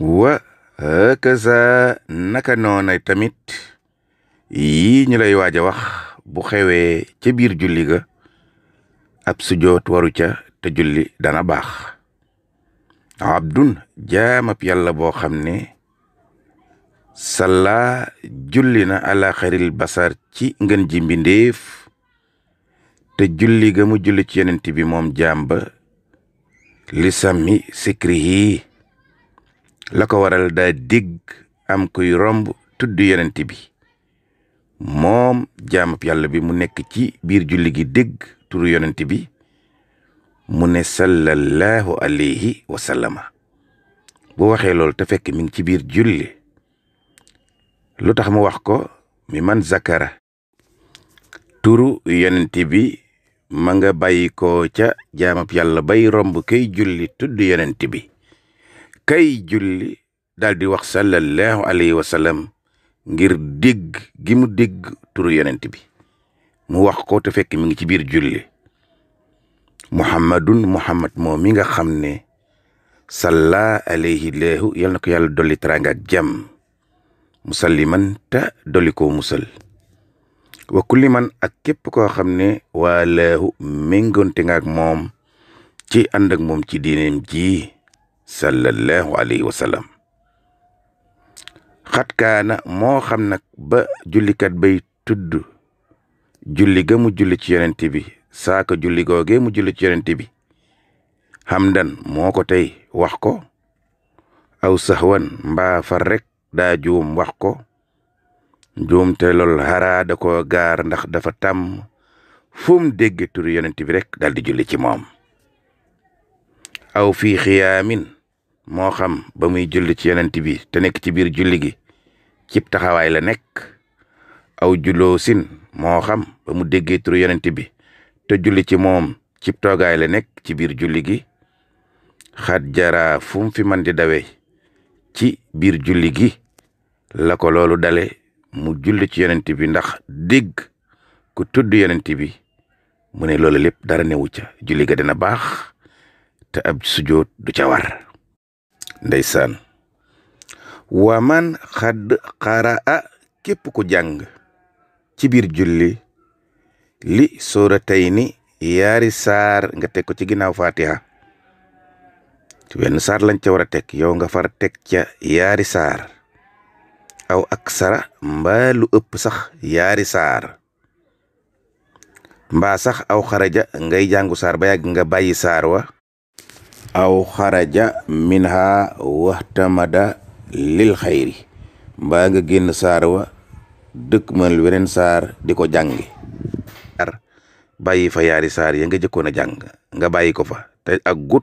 wa hakaza naka tamit yii ñu lay waaj a wax bu xewee ca biir julli ga ab sujoot waru ca te julli dana baax abdun jaamab yàlla boo xam ne salla julli na ala basar ci ngën ji mbindéef te julli mu julli ci yonent bi moom jaam ba li sàmmi sikri la ko waral daa dégg am kuy romb tudd yonent bi moom jaamab yàlla bi mu nekk ci biir julli gi dégg turu yonent bi mu ne sallallahu alayhi wasallama sallama bu waxee loolu te fekk mi ngi ci biir julli lu tax mu wax ko mi man zakara turu yonent bi ma nga bàyyi ko ca jaamab yàlla bay romb kay julli tudd yonent bi kay julli daldi wax sallallahu alayhi wa ngir dégg gi mu dégg turu yonent bi mu wax ko te fekk mi ngi ci biir julli muhammadun muhammad moo mi nga xam ne salla alayhi leehu ko yàlla dolli teraanga ak jàmm musalliman ta dolli koo musal wa kulli man ak képp koo xam ne waa leehu méngoonte nga ak moom ci ànd moom ci diineem ji sallallahu alayhi wa moo xam nag ba jullikat bay tudd julli ga mu julli ci yonent bi saaka julli googee mu julli ci yonent bi xamdan moo ko tey wax ko aw saxwan mbaa far rek daa juum wax ko juum te lool xaraa da gaar ndax dafa tàmm fu mu dégg turu bi rek dal di julli ci moom aw fii xiyaamin moo xam ba muy julli ci yonent bi te nekk ci biir julli gi cib taxawaay la nekk aw julloo sin moo xam ba mu déggee turu yonent bi te julli ci moom cib toogaay la nekk ci biir julli gi xat jara fu mu di dawee ci biir julli gi la ko loolu dale mu julli ci yonent bi ndax dégg ku tudd yonent bi mu ne loolu lépp dara newu ca julli ga dina baax te ab sujoot du war ndeysaan waa man xadd xaraa képp ku jàng ci biir julli li sooratayni yaari saar nga teg ko ci ginnaaw fatiha ci wenn saar lañ ca war a teg yow nga far teg ca yaari saar aw ak sara mbaa ëpp sax yaari saar mbaa sax aw xaraja ngay jàngu saar ba yàgg nga bàyyi saar wa aw xaraja minha waxtamada lil xayri mbaa nga génn saar wa dëkk mën weneen saar di ko jàngi bàyyi fa yaari saar ya nga jëkkoon a jàng nga bàyyi ko fa te ak gut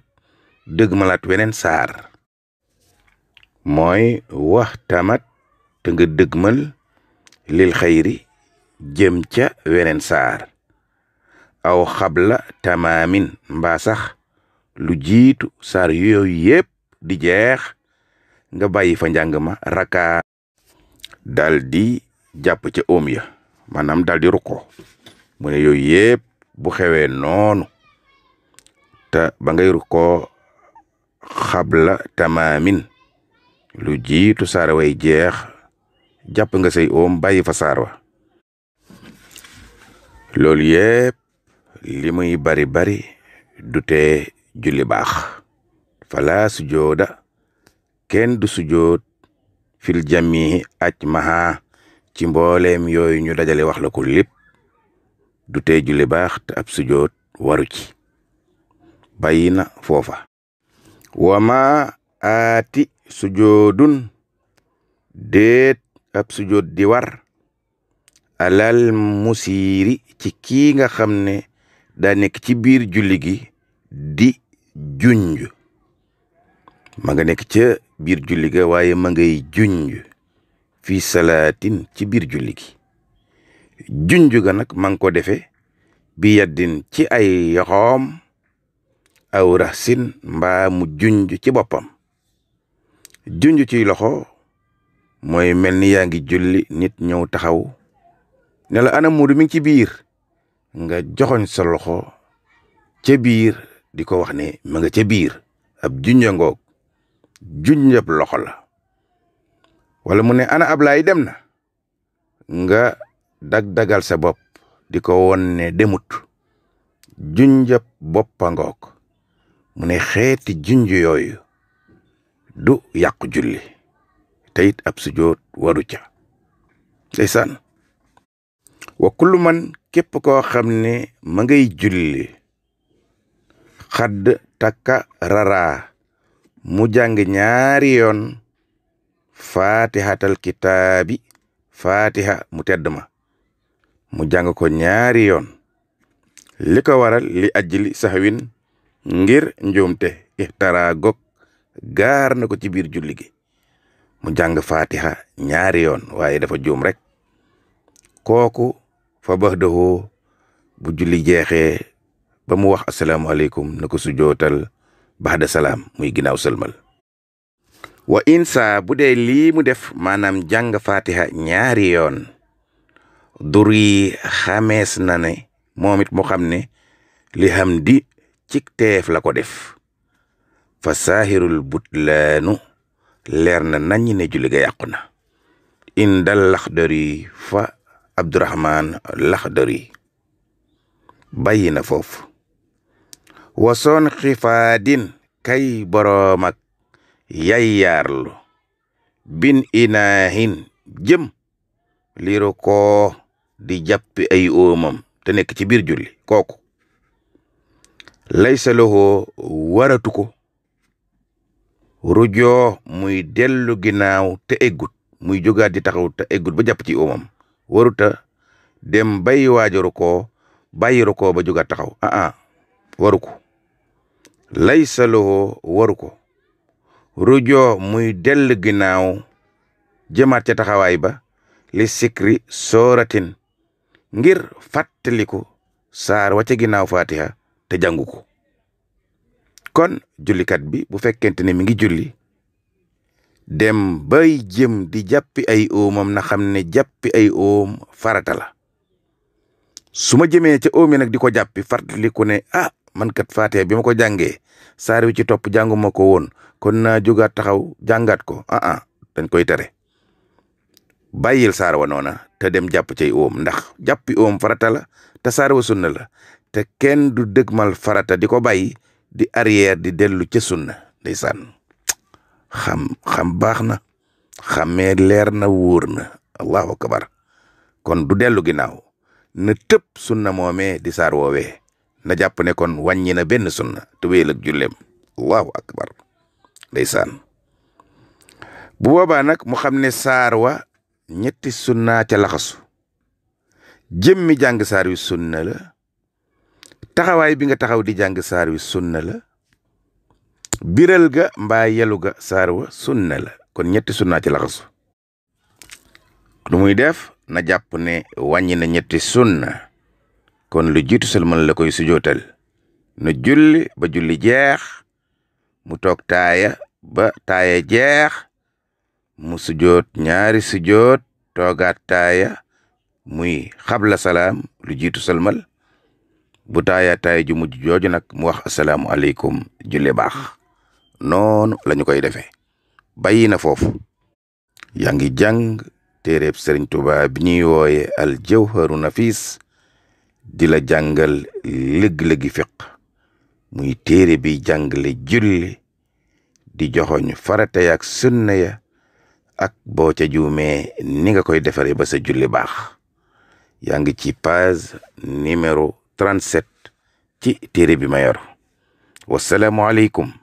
dëgg malaat weneen saar mooy waxtamat te nga dëgmal lil xayri jëm ca weneen saar aw xabla tamaamin mbaa sax lu jiitu saar yooyu yépp di jeex nga bàyyi fa njàng ma rakkaa daldi jàpp ca om ya maanaam daldi rukkoo mu ne yooyu yépp bu xewee noonu te ba ngay rukkoo xabla tamaamin lu jiitu saar way jeex jàpp nga say om bàyyi fa saar wa loolu yépp li muy bari bari du julli baax fala sujooda kenn du sujoot fil jami aj ci mbooleem yooyu ñu dajale wax la ko lépp du tee julli baax te ab sujoot waru ci bàyyi na foofa wama aati sujoodun déet ab sujoot di war alal musiiri ci kii nga xam ne daa nekk ci biir julli gi di junj ma nekk ca biir julli ga waaye ma ngay junj fii salaatin ci biir julli gi junj ga nag ma ko defe bi yaddin ci ay yoxoom aw raxsin mbaa mu junj ci boppam junj ci loxo mooy mel ni yaa ngi julli nit ñëw taxaw ne la ana muudu mi ngi ci biir nga joxoñ sa loxo ca biir di ko wax ne ma nga ca biir ab junja ngoog junjab loxo la wala mu ne ana Ablaay dem na nga dag-dagal sa bopp di ko won ne demut junjab boppa ngoog mu ne xeeti junj yooyu du yàqu julli te ab sujoot waru ca ndeysaan wa kullu man képp koo xam ne ma ngay julli xadd takka raraa mu jàng ñaari yoon faatihatal kitaabi faatiha mu tedd ma mu jàng ko ñaari yoon li ko waral li ajjili saxwin ngir njuumte ixtara gog gaar na ko ci biir julli mu jàng faatiha ñaari yoon waaye dafa juum rek kooku fa bax bu julli jeexee ba mu wax asalaamaaleykum na ko sujootal baxda salaam muy ginnaaw sëlmal wa insa bu dee lii mu def maanaam jàng fatiha ñaari yoon dur yi xamees na ne moom it mu xam ne li xam di cik la ko def fa saahirul butlaanu leer na nañ ne julli ga yàqu na indal laxdari fa abdurahman laxdari bàyyi na foofu wasoon xifaadin kay boroom ak yayyaarlu bin inaahin jëm liiru koo di jàppi ay te nekk ci biir julli kooku laysa lahu waratu ko rujoo muy dellu ginnaaw te eggut muy jógaat di taxaw te eggut ba jàpp ci oomam waruta dem bay waajaru koo bàyyiru koo ba jógaat taxaw ah, ah, lay lahu waru ko rujoo muy dell ginnaaw jëmaat ca taxawaay ba li sikri sooratin ngir fàttaliku saar wa ca ginnaaw fatiha te jàngu ko kon jullikat bi bu fekkente ne mi ngi julli dem bay jëm di jàppi ay óomam na xam ne jàppi ay óom farata la su ma jëmee ca óomi nag di ko jàppi fàttaliku ah mankat fate faatee bi ma ko jàngee saar wi ci topp jànguma ko woon kon naa jógaat taxaw jàngaat ko ah ah dañ koy tere bàyyil saar wa noona te dem jàpp cay oom ndax jàppi oom farata la te saar la te kenn du dëgmal farata di ko bàyyi di arrière di dellu ca sunna ndeysaan xam xam baax na xammee leer na wóor na allahu akbar kon du dellu ginnaaw na tëb sunna moomee di saar na jàpp ne kon wàññi na benn sunna te wéyal ak julleem allahu akbar ndeysaan bu boobaa nag mu xam ne saar wa ñetti sunna ca laxasu jëmmi jàng saar wi sunna la taxawaay bi nga taxaw di jàng saar wi sunna la biral ga mbaa yelu ga saar wa sunna la kon ñetti sunna ci laxasu lu muy def na jàpp ne wàññi na ñetti sunna kon lu jiitu sëlmal la koy sujootal na julli ba julli jeex mu toog taaya ba taaya jeex mu sujoot ñaari sujoot toogaat taaya muy xabla salaam lu jiitu sëlmal bu taaya taaya ju mujj jooju nag mu wax asalaamu aleykum julli baax noonu lañu koy defe bàyyi na foofu yaa ngi jàng téereb sëriñ Tuubaa bi ñuy wooye al jawharu nafis dila la jàngal lëg-lëgi fiq muy téere bi jàngale julli di joxoñ farata ya ak sunna ya ak boo ca juumee ni nga koy defaree ba sa julli baax yaa ngi ci page numéro 37 ci téere bi ma yor wasalaamualeykum